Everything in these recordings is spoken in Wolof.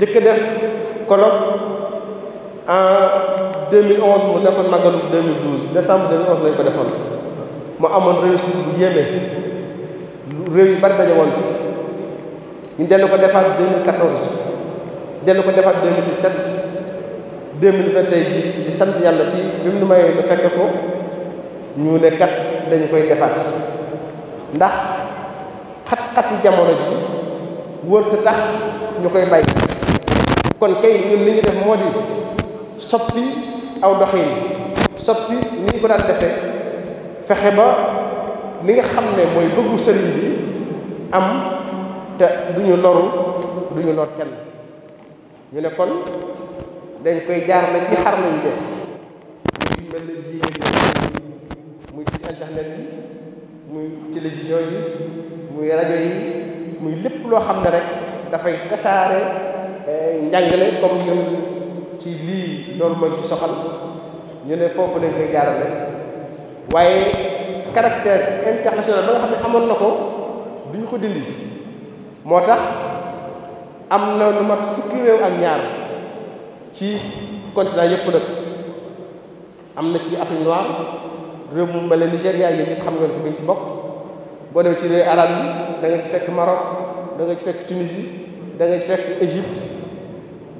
njëkk a def colloque en 2011 mu nekkoon màggalu 2012 décembre 2011 lañ ko defoon mu amoon réussite bu yéeme réew yu bari daje woon fi ñu dellu ko defaat 2014 dellu ko defaat 2017 2021 ji di sant yàlla ci bi mu nu mayee nu fekke ko ñu ne kat dañu koy defaat ndax xat-xati jamono ji wërta tax ñu koy bàyyi kon kay ñun li ñu def moo di soppi aw doxin soppi ni ñu ko daan defee fexe ba li nga xam ne mooy bëggu sëriñ bi am te du ñu loru du ñu lor kenn ñu ne kon dañ koy jaar la ci xarala yu bees yi mel ne jigéen muy ci internet yi muy télévision yi muy rajo yi muy lépp loo xam ne rek dafay tasaare njàngale comme ñun ci lii loolu mooy ci soxal ñu ne foofu lañ koy jaarale waaye caractère international ba nga xam ne amoon na ko duñ ko dindi moo tax am na lu ma fukki réew ak ñaar ci continent yëpp nag am na ci Afrique noire réew mu ma ne Nigéria yéen ñëpp xam ngeen ko ngeen ci bokk boo demee ci réew arab yi da nga ci fekk Maroc da ci fekk Tunisie da nga ci fekk Égypte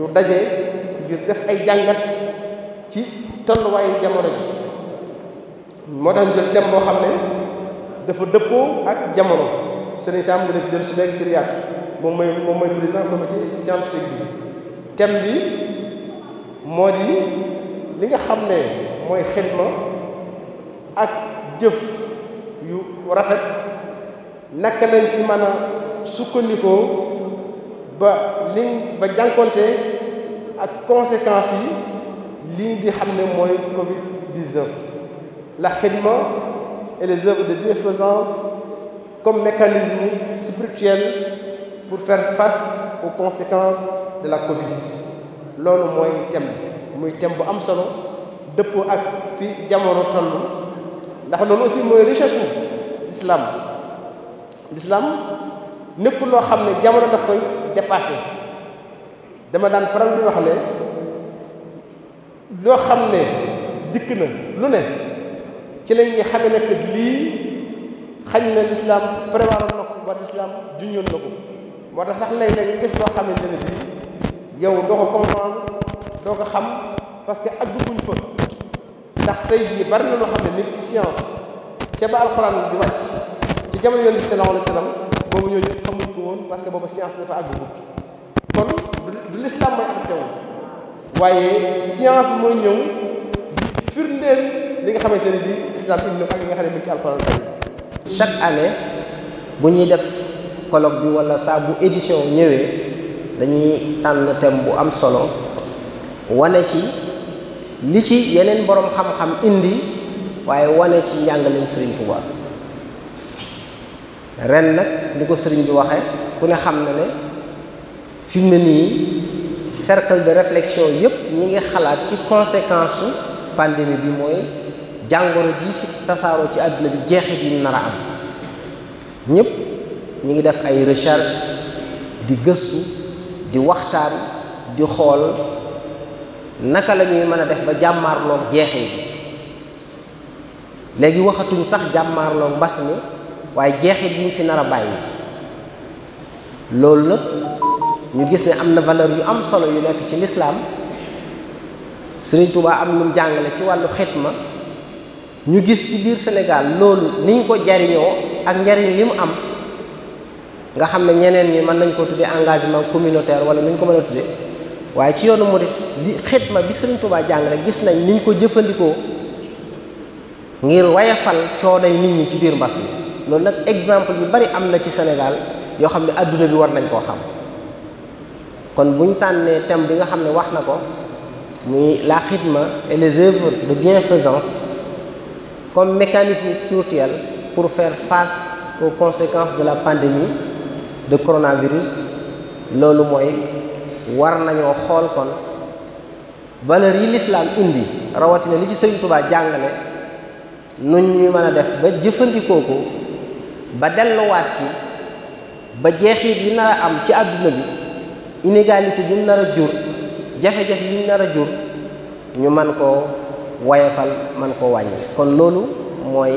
ñu daje ngir def ay jàngat ci tolluwaayu jamono ji moo tax jël thème boo xam ne dafa dëppoo ak jamono sëriñ Sam mu def jël si léegi ci riyaat moom mooy moom mooy président bi moo di li nga xam ne mooy xidma ak jëf yu rafet naka lañ ci mën a sukkandikoo ba liñ ba jànkoonte ak conséquences yi liñ di Covid 19 la et les œuvres de bienfaisance comme mécanisme spirituel pour faire face aux conséquences de la Covid loolu mooy thème muy thème bu am solo dëppoo ak fi jamono toll ndax loolu aussi mooy recherche l'islam l'islam nekkul loo xam ne jamono daf koy dépassé. dama daan faral di wax loo xam ne dikk na lu ne ci la ñuy xamee ne lii xañ na lislaam prévoir na ko ba lislaam yoon na ko moo tax sax léeg-léeg ñu gis loo xamante ne bii yow doo ko comprendre doo ko xam parce que agguñ fa ndax tey jii bari na loo xam ne nit ci science ca ba alxuraan di wàcc ci jamono yonent bi sallallahu alayhi wa sallam boobu ñooñu ko woon parce que boobu science dafa àggugut l'islam mooy am teew waaye science mooy ñëw firndeel li nga xamante ne bi islam indi ak li nga xam ne mi ci alxuraan chaque année bu ñuy def colloque bi wala saa bu édition ñëwee dañuy tànn thème bu am solo wane ci li ci yeneen boroom xam-xam indi waaye wane ci njàngaleem Sëriñ Tuubaa ren nag li ko sëriñ bi waxe ku ne xam na ne fi mu ne nii cercle de réflexion yépp ñu ngi xalaat ci conséquence su pandémie bi mooy jàngoro ji fi tasaaroo ci àdduna bi jeexit yi nar a am ñépp ñu ngi def ay recherche di gëstu di waxtaan di xool naka la ñuy mën a def ba jàmmaarloog jeexit bi léegi waxatuñ sax jàmmaarloog mbas mi waaye jeexit yi ñu fi nar a bàyyi loolu nag ñu gis ne am na valeur yu am solo yu nekk ci lislaam Sëriñ Tuubaa am lu jàngale ci wàllu xitma ñu gis ci biir Sénégal loolu niñ ko jariñoo ak njariñ li mu am nga xam ne ñeneen ñi mën nañ koo tuddee engagement communautaire wala nuñ ko mën a tuddee waaye ci yoonu moo di xitma bi Sëriñ Tuubaa jàngale gis nañ niñ ko jëfandikoo ngir wayafal coonay nit ñi ci biir mbas mi loolu nag exemple yu bari am na ci Sénégal yoo xam ne adduna bi war nañ koo xam kon buñ ñu tànnee thème bi nga xam ne wax na ko muy la xidma et les œuvres de bienfaisance comme mécanisme spirituel pour faire face aux conséquences de la pandémie de coronavirus loolu mooy war nañoo xool kon valeur yi lislaam indi rawatina li ci Sëriñ Tuubaa jàngale nuñ ñu mën a def ba jëfandikoo ko ba delluwaat ci ba jeexit yi nar a am ci àdduna bi inégalité bi mu nar a jur jafe-jafe yi mu nar a jur ñu man koo woyofal man koo wàññi kon loolu mooy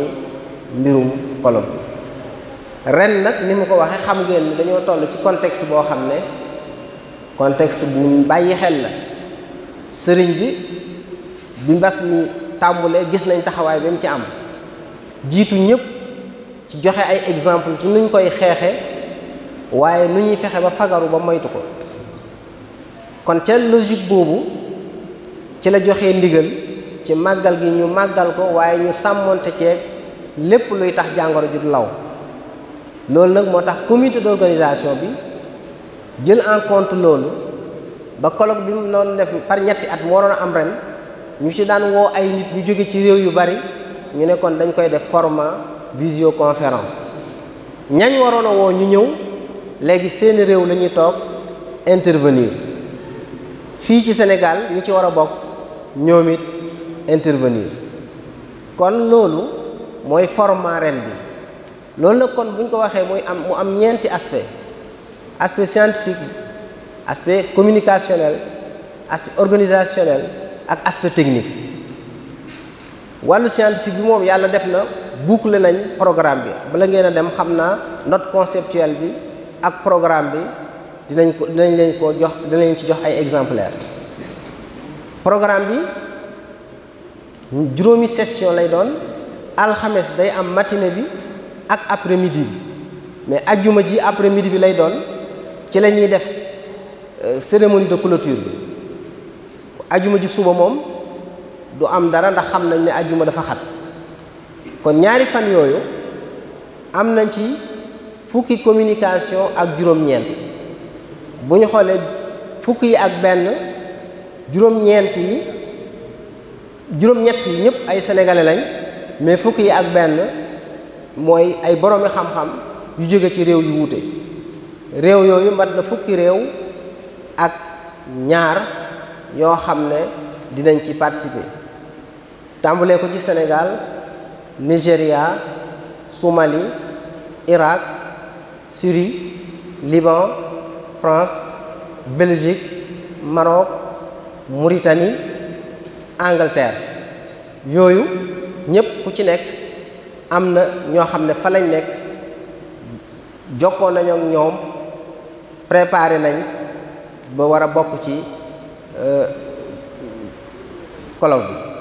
mbirum xolom ren nag ni mu ko waxee xam ngeen ni dañoo toll ci contexte boo xam ne contexte bu bàyyi xel la sëriñ bi bi mbas mi tàmbulee gis nañ taxawaay bi mu ci am jiitu ñëpp ci joxe ay exemple ci nuñ koy xeexe waaye nu ñuy fexe ba fagaru ba moytu ko kon ca logique boobu ci la joxee ndigal ci màggal gi ñu màggal ko waaye ñu sàmmonte ceeg lépp luy tax jàngoro ju law loolu nag moo tax comité d'organisation bi jël en compte loolu ba colloque bi mu doon def par ñetti at mu waroon am ren ñu ci daan woo ay nit ñu jóge ci réew yu bari ñu ne kon dañ koy def format visioconférence ñañ waroon woo ñu ñëw léegi seeni réew lañuy ñuy toog intervenir fii ci Sénégal ñi ci war a bokk ñoom it intervenir kon loolu mooy format ren bi loolu nag kon buñ ko waxee muy am mu am ñeenti aspect aspect scientifique aspect communicationnel aspect organisationnel ak aspect technique wàllu scientifique bi moom yàlla def na boucler nañ programme bi bala ngeen a dem xam naa note conceptuelle bi ak programme bi dinañ ko programme session lay doon matinée bi ak midi mais ajjuma ji après midi bi lay ci la euh, cérémonie de clôture bi ji suba du am dara ndax xam nañ ne dafa kon ñaari fan am nañ ci communication ak juróom bu ñu xoolee fukk yi ak benn juróom-ñeent yi juróom ñëpp ay sénégalais lañ mais fukk yi ak benn mooy ay boroomi xam-xam yu jóge ci réew yu wuute réew yooyu mat na fukki réew ak ñaar yoo xam ne dinañ ci participer tàmbalee ko ci senegal Nigéria Somalie Irak suri Liban France Belgique Maroc Mauritanie Angleterre yooyu ñëpp ku ci nekk am na ñoo xam ne fa lañ nekk jokkoo nañu ak ñoom préparé nañ ba war a bokk ci euh, colloque bi